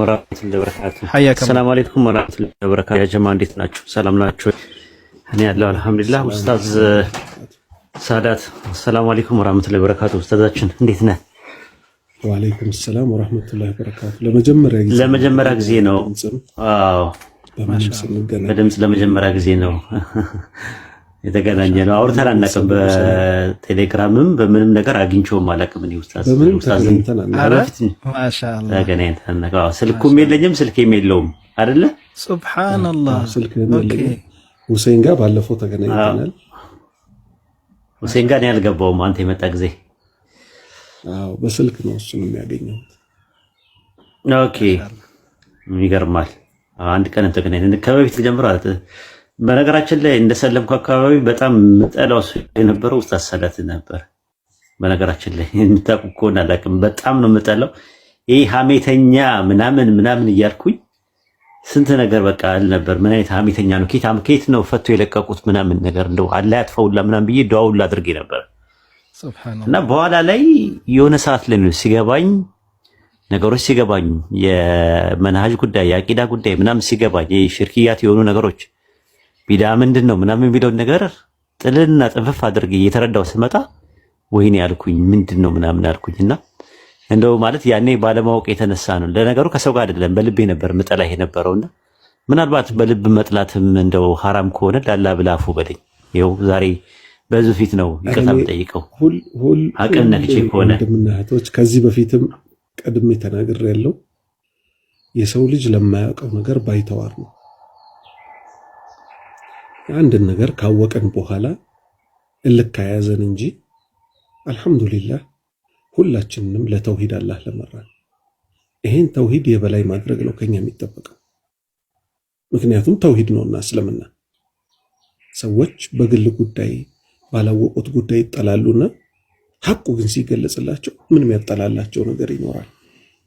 ወራህመቱላሂ ወበረካቱህ። ሰላም አለይኩም ወራህመቱላሂ ወበረካቱ። ያ ጀማ እንዴት ናችሁ? ሰላም ናችሁ? እኔ ያለው አልሐምዱሊላህ። ኡስታዝ ሳዳት ሰላም አለይኩም ወራህመቱላሂ ወበረካቱ። ኡስታዛችን እንዴት ነህ? ወአለይኩም ሰላም ወራህመቱላሂ ወበረካቱ። ለመጀመሪያ ጊዜ ለመጀመሪያ ጊዜ ነው። አዎ በድምጽ ለመጀመሪያ ጊዜ ነው። የተገናኘ ነው። አውርተን አናውቅም። በቴሌግራምም በምንም ነገር አግኝቼውም አላውቅም። እኔ ውስጥ ስልኩም የለኝም ስልኬም የለውም አይደለ? ሱብሓነላህ። ሁሴን ጋር ባለፈው ተገናኝተናል። ሁሴን ጋር እኔ አልገባውም። አንተ የመጣ ጊዜ በስልክ ነው እሱን የሚያገኘሁት። ኦኬ፣ ይገርማል። አንድ ቀን ተገናኝ ከበፊት ጀምሮ በነገራችን ላይ እንደሰለምኩ አካባቢ በጣም ምጠላው የነበረው ኡስታዝ ሰላት ነበር። በነገራችን ላይ የምታውቁ ከሆነ አላውቅም፣ በጣም ነው ምጠላው። ይህ ሀሜተኛ ምናምን ምናምን እያልኩኝ ስንት ነገር በቃ አል ነበር። ምን አይነት ሀሜተኛ ነው፣ ኬት ኬት ነው ፈቶ የለቀቁት ምናምን ነገር እንደው አላህ ያጥፈውላ ምናምን ብዬ ደዋውላ አድርጌ ነበር እና በኋላ ላይ የሆነ ሰዓት ላይ ነው ሲገባኝ ነገሮች ሲገባኝ የመናሃጅ ጉዳይ የአቂዳ ጉዳይ ምናምን ሲገባኝ ሽርክያት የሆኑ ነገሮች ቢዳ ምንድን ነው ምናምን የሚለውን ነገር ጥልልና ጥንፍፍ አድርጌ እየተረዳው ስመጣ ወይኔ ያልኩኝ ምንድን ነው ምናምን ያልኩኝ እና እንደው ማለት ያኔ ባለማወቅ የተነሳ ነው። ለነገሩ ከሰው ጋር አይደለም በልቤ ነበር ምጠላ የነበረውና ምናልባት በልብ መጥላትም እንደው ሀራም ከሆነ ላላ ብላፉ አፉ በለኝ። ይኸው ዛሬ በዙ ፊት ነው ይቅርታ የምጠይቀው። አቅም ነክቼ ከሆነ ወንድምና ከዚህ በፊትም ቀድሜ ተናግሬ ያለው የሰው ልጅ ለማያውቀው ነገር ባይተዋር ነው። አንድን ነገር ካወቀን በኋላ እልክ ያዘን እንጂ አልሐምዱሊላህ ሁላችንንም ለተውሂድ አላህ ለመራን። ይሄን ተውሂድ የበላይ ማድረግ ነው ከኛ የሚጠበቀው። ምክንያቱም ተውሂድ ነውና እስልምና። ሰዎች በግል ጉዳይ ባላወቁት ጉዳይ ይጠላሉና ሐቁ ግን ሲገለጽላቸው ምንም ያጠላላቸው ነገር ይኖራል?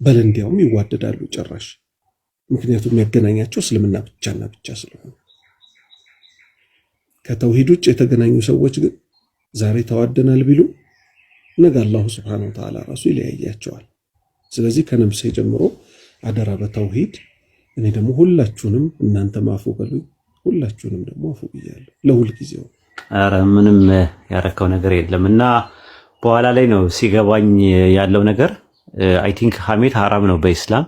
በል እንዲያውም ይዋደዳሉ ጭራሽ። ምክንያቱም የሚያገናኛቸው እስልምና ብቻና ብቻ ስለሆነ ከተውሂድ ውጭ የተገናኙ ሰዎች ግን ዛሬ ተዋደናል ቢሉ ነገ አላሁ ስብሓነሁ ወተዓላ ራሱ ይለያያቸዋል። ስለዚህ ከነፍሴ ጀምሮ አደራ በተውሂድ እኔ ደግሞ ሁላችሁንም እናንተም አፉ በሉኝ፣ ሁላችሁንም ደግሞ አፉ ብያለሁ ጊዜው። ኧረ ምንም ያረከው ነገር የለም እና በኋላ ላይ ነው ሲገባኝ ያለው ነገር አይ ቲንክ ሐሜት ሐራም ነው በኢስላም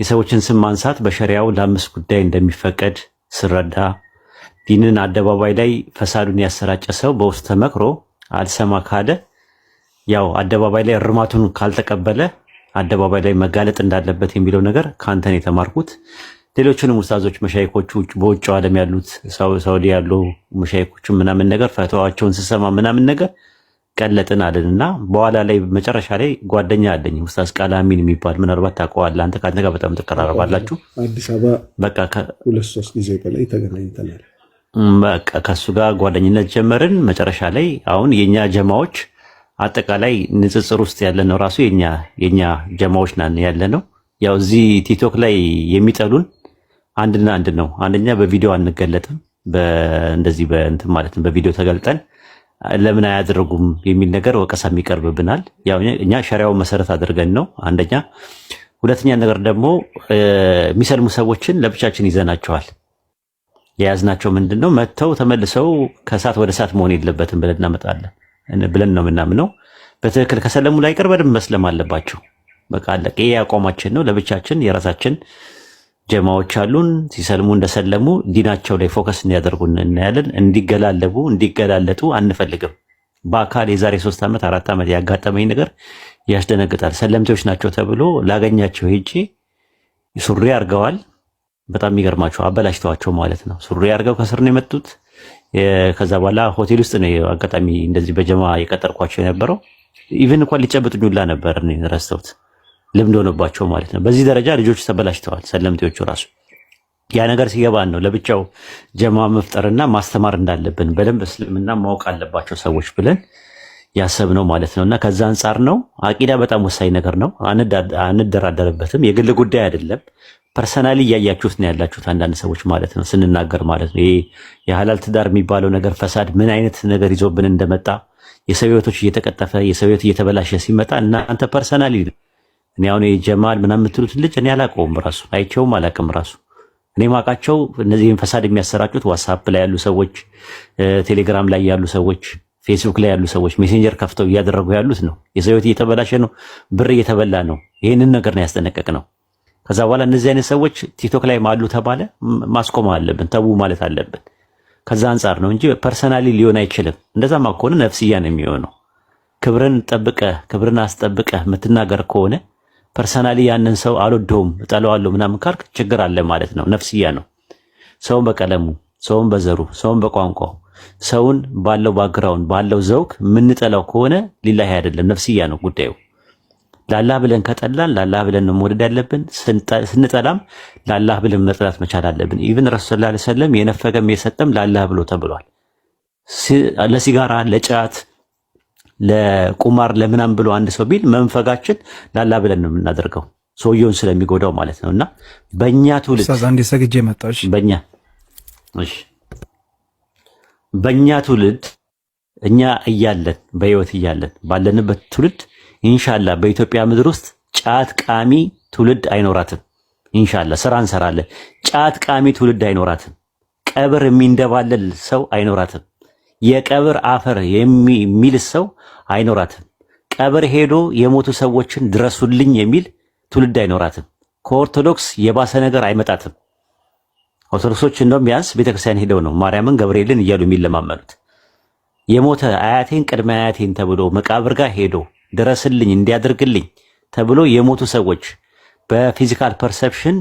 የሰዎችን ስም ማንሳት በሸሪያው ለአምስት ጉዳይ እንደሚፈቀድ ስረዳ ዲንን አደባባይ ላይ ፈሳዱን ያሰራጨ ሰው በውስጥ ተመክሮ አልሰማ ካለ ያው አደባባይ ላይ እርማቱን ካልተቀበለ አደባባይ ላይ መጋለጥ እንዳለበት የሚለው ነገር ከአንተን የተማርኩት ሌሎችንም ውስታዞች መሻይኮቹ በውጭ ዓለም ያሉት ሳውዲ ያሉ መሻይኮቹ ምናምን ነገር ፈተዋቸውን ስሰማ ምናምን ነገር ቀለጥን አለን እና በኋላ ላይ መጨረሻ ላይ ጓደኛ አለኝ ውስታዝ ቃላሚን የሚባል ምናልባት ታውቀዋለህ። አንተ ከአንተ ጋር በጣም ትቀራረባላችሁ። አዲስ አበባ በቃ ሁለት ሶስት ጊዜ በላይ ተገናኝተናል። በቃ ከእሱ ጋር ጓደኝነት ጀመርን። መጨረሻ ላይ አሁን የኛ ጀማዎች አጠቃላይ ንጽጽር ውስጥ ያለ ነው ራሱ የኛ ጀማዎች ናን ያለ ነው። ያው እዚህ ቲክቶክ ላይ የሚጠሉን አንድና አንድ ነው። አንደኛ በቪዲዮ አንገለጥም፣ እንደዚህ በእንትን ማለት በቪዲዮ ተገልጠን ለምን አያደርጉም የሚል ነገር ወቀሳ ይቀርብብናል። ያው እኛ ሸሪያው መሰረት አድርገን ነው አንደኛ። ሁለተኛ ነገር ደግሞ የሚሰልሙ ሰዎችን ለብቻችን ይዘናቸዋል። የያዝናቸው ምንድን ነው መጥተው ተመልሰው ከእሳት ወደ እሳት መሆን የለበትም ብለን እናመጣለን ብለን ነው የምናምነው። በትክክል ከሰለሙ ላይ ቅር በደንብ መስለም አለባቸው። በቃ አለቀ። ይሄ አቋማችን ነው። ለብቻችን የራሳችን ጀማዎች አሉን። ሲሰልሙ እንደሰለሙ ዲናቸው ላይ ፎከስ እንዲያደርጉ እናያለን። እንዲገላለቡ እንዲገላለጡ አንፈልግም። በአካል የዛሬ ሶስት ዓመት አራት ዓመት ያጋጠመኝ ነገር ያስደነግጣል። ሰለምቴዎች ናቸው ተብሎ ላገኛቸው ሄጄ ሱሪ አድርገዋል በጣም የሚገርማቸው አበላሽተዋቸው ማለት ነው። ሱሪ አድርገው ከስር ነው የመጡት። ከዛ በኋላ ሆቴል ውስጥ ነው አጋጣሚ እንደዚህ በጀማ የቀጠርኳቸው የነበረው። ኢቨን እንኳን ሊጨብጥ ሁላ ነበር ረስተውት ልምድ ሆነባቸው ማለት ነው። በዚህ ደረጃ ልጆች ተበላሽተዋል። ሰለምቴዎቹ ራሱ ያ ነገር ሲገባን ነው ለብቻው ጀማ መፍጠርና ማስተማር እንዳለብን በደንብ እስልምና ማወቅ አለባቸው ሰዎች ብለን ያሰብ ነው ማለት ነው። እና ከዛ አንጻር ነው አቂዳ በጣም ወሳኝ ነገር ነው። አንደራደርበትም። የግል ጉዳይ አይደለም። ፐርሰናሊ እያያችሁት ነው ያላችሁት አንዳንድ ሰዎች ማለት ነው ስንናገር ማለት ነው። ይሄ የሀላል ትዳር የሚባለው ነገር ፈሳድ ምን አይነት ነገር ይዞብን እንደመጣ የሰው ህይወቶች እየተቀጠፈ የሰው ህይወት እየተበላሸ ሲመጣ እናንተ ፐርሰናሊ እኔ አሁን የጀማል ምናምን የምትሉትን ልጅ እኔ አላውቀውም ራሱ አይቼውም አላውቅም ራሱ እኔ ማውቃቸው እነዚህን ፈሳድ የሚያሰራጩት ዋትሳፕ ላይ ያሉ ሰዎች፣ ቴሌግራም ላይ ያሉ ሰዎች፣ ፌስቡክ ላይ ያሉ ሰዎች ሜሴንጀር ከፍተው እያደረጉ ያሉት ነው። የሰው ህይወት እየተበላሸ ነው፣ ብር እየተበላ ነው። ይህንን ነገር ነው ያስጠነቀቅ ነው። ከዛ በኋላ እነዚህ አይነት ሰዎች ቲክቶክ ላይ ማሉ ተባለ፣ ማስቆም አለብን፣ ተዉ ማለት አለብን። ከዛ አንጻር ነው እንጂ ፐርሰናሊ ሊሆን አይችልም። እንደዛማ ከሆነ ነፍስያ ነው የሚሆነው። ክብርን ጠብቀህ ክብርን አስጠብቀህ የምትናገር ከሆነ ፐርሰናሊ ያንን ሰው አልወደውም እጠለዋለሁ ምናምን ካልክ ችግር አለ ማለት ነው። ነፍስያ ነው። ሰውን በቀለሙ ሰውን በዘሩ ሰውን በቋንቋው ሰውን ባለው ባግራውን ባለው ዘውግ የምንጠላው ከሆነ ሊላህ አይደለም፣ ነፍስያ ነው ጉዳዩ። ላላህ ብለን ከጠላን ላላህ ብለን ነው መውደድ ያለብን። ስንጠላም ላላህ ብለን መጥላት መቻል አለብን። ኢብን ረሱል ላ ሰለም የነፈገም የሰጠም ላላህ ብሎ ተብሏል። ለሲጋራ፣ ለጫት፣ ለቁማር ለምናም ብሎ አንድ ሰው ቢል መንፈጋችን ላላ ብለን ነው የምናደርገው ሰውየውን ስለሚጎዳው ማለት እና በእኛ ትውልድ ሰግጄ መጣሽ በእኛ በእኛ ትውልድ እኛ እያለን በህይወት እያለን ባለንበት ትውልድ ኢንሻላ በኢትዮጵያ ምድር ውስጥ ጫት ቃሚ ትውልድ አይኖራትም። ኢንሻላ ስራ እንሰራለን። ጫት ቃሚ ትውልድ አይኖራትም። ቀብር የሚንደባለል ሰው አይኖራትም። የቀብር አፈር የሚል ሰው አይኖራትም። ቀብር ሄዶ የሞቱ ሰዎችን ድረሱልኝ የሚል ትውልድ አይኖራትም። ከኦርቶዶክስ የባሰ ነገር አይመጣትም። ኦርቶዶክሶች እንደውም ቢያንስ ቤተክርስቲያን ሄደው ነው ማርያምን ገብርኤልን እያሉ የሚለማመኑት። የሞተ አያቴን ቅድመ አያቴን ተብሎ መቃብር ጋር ሄዶ ድረስልኝ፣ እንዲያደርግልኝ ተብሎ የሞቱ ሰዎች በፊዚካል ፐርሰፕሽን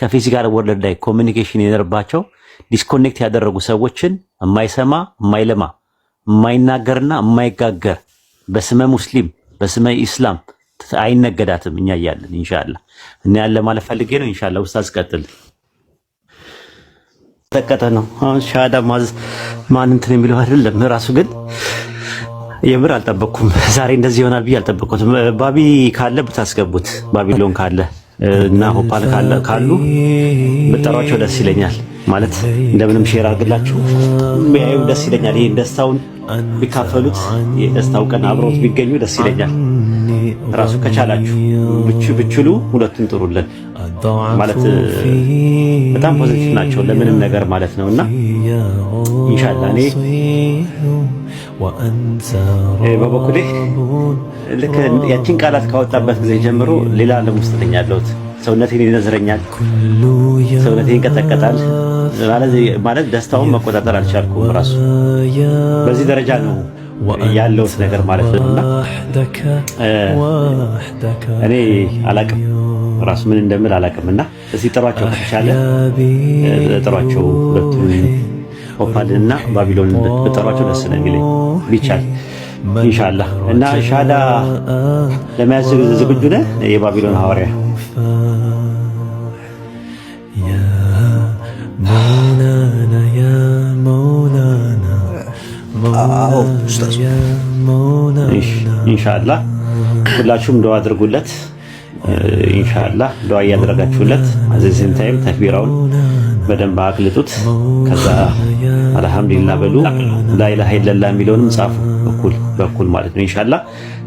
ከፊዚካል ወርልድ ላይ ኮሚኒኬሽን የነርባቸው ዲስኮኔክት ያደረጉ ሰዎችን የማይሰማ የማይለማ የማይናገርና የማይጋገር በስመ ሙስሊም በስመ ኢስላም አይነገዳትም። እኛ እያለን እንሻላ እና ያለ ማለት ፈልጌ ነው። እንሻላ ውስጥ አስቀጥል ተቀጠ ነው አሁን ሻዳ ማዝ ማን እንትን የሚለው አይደለም ራሱ ግን የምር አልጠበቅኩም። ዛሬ እንደዚህ ይሆናል ብዬ አልጠበቅኩትም። ባቢ ካለ ብታስገቡት፣ ባቢሎን ካለ እና ሆፓል ካለ ካሉ ብጠሯቸው ደስ ይለኛል። ማለት እንደምንም ሼር አድርግላችሁ ያዩ ደስ ይለኛል። ይህን ደስታውን ቢካፈሉት፣ የደስታው ቀን አብረውት ቢገኙ ደስ ይለኛል። ራሱ ከቻላችሁ ብችሉ ሁለቱን ጥሩልን ማለት በጣም ፖዚቲቭ ናቸው ለምንም ነገር ማለት ነውና ኢንሻአላህ እኔ በበኩሌ ልክ ያቺን ቃላት ካወጣበት ጊዜ ጀምሮ ሌላ ዓለም ውስጥ ነኝ ያለሁት። ሰውነቴን ይነዝረኛል፣ ሰውነቴን ይንቀጠቀጣል። ማለት ደስታውን መቆጣጠር አልቻልኩም። ራሱ በዚህ ደረጃ ነው። ያለውት ነገር ማለት ነው። እኔ አላቅም ራሱ ምን እንደምል አላቅም። እና እዚህ ጥሯቸው ከተቻለ ጥሯቸው ሁለቱን ኦፓልን እና ባቢሎን ብጠሯቸው ደስ ነው የሚለኝ ቢቻል ኢንሻላህ። እና ሻዳ ለመያዝ ዝግጁ ነህ? የባቢሎን ሐዋርያ ያ መውላና ያ ኢንሻአላህ ሁላችሁም ደዋ አድርጉለት። ኢንሻአላህ ደዋ እያደረጋችሁለት አዘዚን ታይም ተክቢራውን በደንብ አቅልጡት። ከዛ አልሐምዱሊላ በሉ። ላይላ ኢለላህ የሚለውንም ጻፉ በኩል በኩል ማለት ነው። እንሻላ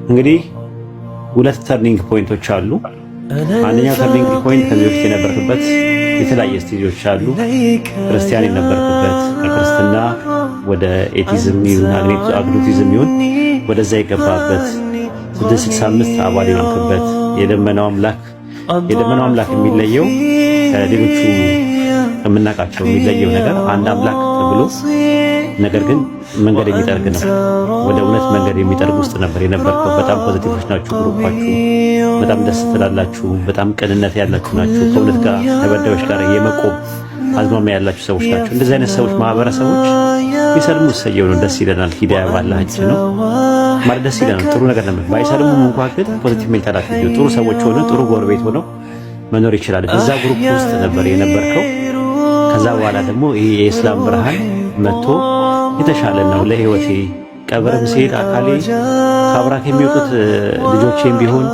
እንግዲህ ሁለት ተርኒንግ ፖይንቶች አሉ። አንደኛው ተርኒንግ ፖይንት ከዚህ በፊት የነበርክበት የተለያየ ስቴጆች አሉ። ክርስቲያን የነበርኩበት ከክርስትና ወደ ኤቲዝም ይሁን አግኖቲዝም ይሁን ወደዛ የገባበት 665 አባል የሆንክበት የደመናው አምላክ የደመናው አምላክ የሚለየው ከሌሎቹ ከምናውቃቸው የሚለየው ነገር አንድ አምላክ ተብሎ ነገር ግን መንገድ የሚጠርግ ነው። ወደ እውነት መንገድ የሚጠርግ ውስጥ ነበር የነበርከው። በጣም ፖዘቲቮች ናችሁ ግሩፓችሁ፣ በጣም ደስ ትላላችሁ። በጣም ቅንነት ያላችሁ ናችሁ። ከእውነት ጋር ተበዳዮች ጋር የመቆም አዝማሚያ ያላችሁ ሰዎች ናቸው። እንደዚህ አይነት ሰዎች ማህበረሰቦች ቢሰልሙ ሰየው ነው፣ ደስ ይለናል። ሂዳያ ባላችን ነው ማለት ደስ ይለናል። ጥሩ ነገር ነበር። ባይሰልሙ እንኳ ግን ፖዚቲቭ ሜንታሊቲ ጥሩ ሰዎች ሆነ ጥሩ ጎረቤት ሆነው መኖር ይችላል። እዛ ግሩፕ ውስጥ ነበር የነበርከው። ከዛ በኋላ ደግሞ ይሄ የእስላም ብርሃን መጥቶ የተሻለ ነው ለህይወቴ። ቀብርም ሲሄድ አካሌ ከአብራክ የሚወጡት ልጆቼም ቢሆን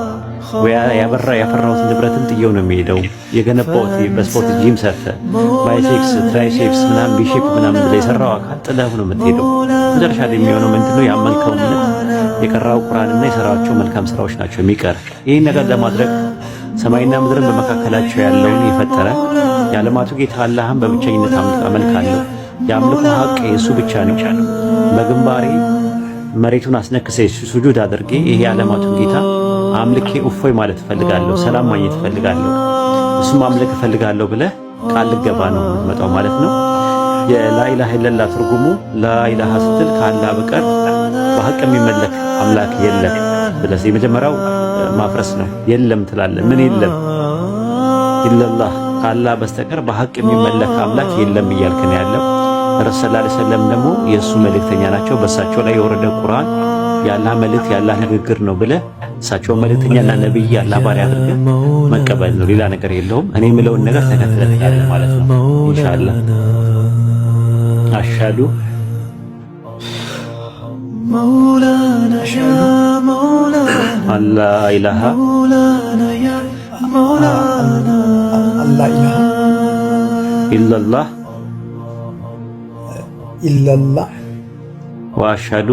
ያበራ ያፈራሁት ንብረትም ጥየው ነው የሚሄደው። የገነባሁት በስፖርት ጂም ሰርተ ባይሴክስ ትራይሴፕስ ምናምን ቢሼፕ ምናምን ብለ የሰራው አካል ጥለህ ነው የምትሄደው። መጨረሻ ላይ የሚሆነው ምንድነው? ያመልከው እምነት የቀራው ቁርአንና የሰራቸው መልካም ስራዎች ናቸው የሚቀር። ይህን ነገር ለማድረግ ሰማይና ምድርን በመካከላቸው ያለውን የፈጠረ የዓለማቱ ጌታ አላህን በብቸኝነት አመልካለሁ የአምልኮ ሀቅ የእሱ ብቻ ነው። በግንባሬ መሬቱን አስነክሰ ሱጁድ አድርጌ ይሄ የዓለማቱን ጌታ አምልኬ እፎይ ማለት እፈልጋለሁ፣ ሰላም ማግኘት እፈልጋለሁ፣ እሱ ማምለክ እፈልጋለሁ ብለህ ቃል ልገባ ነው የምትመጣው ማለት ነው። የላኢላሃ ኢለላህ ትርጉሙ ላኢላሃ ስትል ከአላህ በቀር በሀቅ የሚመለክ አምላክ የለም ብለህ የመጀመሪያው ማፍረስ ነው። የለም ትላለህ። ምን የለም? ኢለላህ ከአላህ በስተቀር በሀቅ የሚመለክ አምላክ የለም እያልክ ነው ያለው። ረሱል ሰለም ዐለይሂ ወሰለም ደግሞ የእሱ መልእክተኛ ናቸው። በእሳቸው ላይ የወረደ ቁርአን ያላ መልእክት ያላ ንግግር ነው ብለህ እሳቸውን መልእክተኛና ነብይ ያላ ባሪያ አድርገህ መቀበል ነው። ሌላ ነገር የለውም። እኔ የምለውን ነገር ተከትለህ ያለ ማለት ነው። ኢንሻአላህ አሻዱ አላ ኢላሃ ኢላላህ إلا الله وأشهد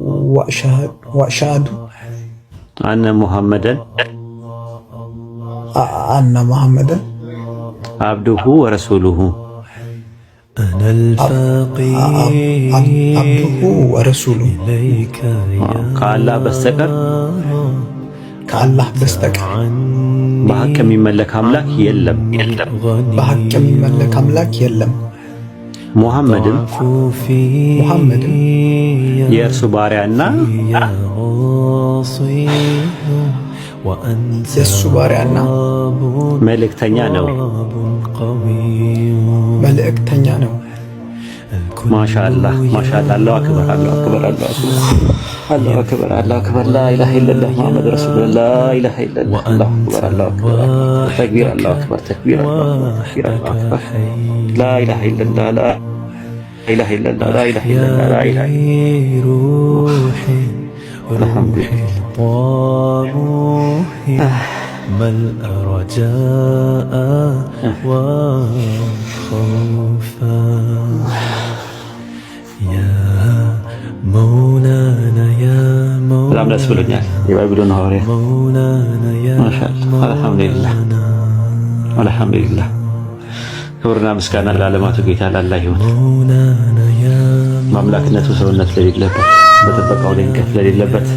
وأشهد وأشهد أن محمدا أن محمدا عبده ورسوله أنا الفقير عبده ورسوله إليك يا كالله بستكر كالله بستكر بحكم من ملك أملاك يلم بحق من ملك أملاك يلم ሙሐመድም ሙሐመድም የእርሱ ባሪያና የእሱ ባሪያና መልእክተኛ ነው መልእክተኛ ነው ما شاء الله ما شاء الله الله اكبر الله اكبر الله اكبر الله اكبر الله اكبر لا اله الا الله محمد رسول الله لا اله الا الله الله اكبر الله اكبر تكبير الله اكبر تكبير الله اكبر لا اله الا الله لا لا اله الا الله لا اله الا الله لا اله الا الله الحمد لله ملا آه. رجاء آه. وخوفا በጣም ደስ ብሎኛል። የባቢሎን ሐዋርያ ማሻአላህ። አልሐምዱሊላህ ክብርና ምስጋና ለዓለማቱ ጌታ ላላ ይሁን። በአምላክነቱ ሰውነት ለሌለበት፣ በጥበቃው ላይ እንከፍ ለሌለበት፣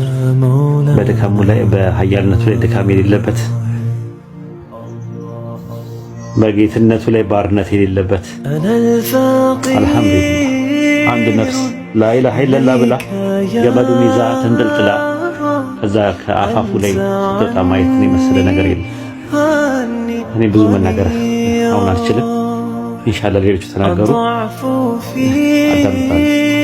በድካሙ ላይ በኃያልነቱ ላይ ድካም የሌለበት፣ በጌትነቱ ላይ ባርነት የሌለበት አልሐምዱሊላህ አንድ ነፍስ ላኢላሀ ኢለላህ ብላ ገመዱን ይዛ ተንጠልጥላ ከዛ ከአፋፉ ላይ ስትወጣ ማየት ነው የመሰለ ነገር የለም። እኔ ብዙ መናገር አሁን አልችልም። ኢንሻአላህ ሌሎቹ ተናገሩ አዳምጣለሁ።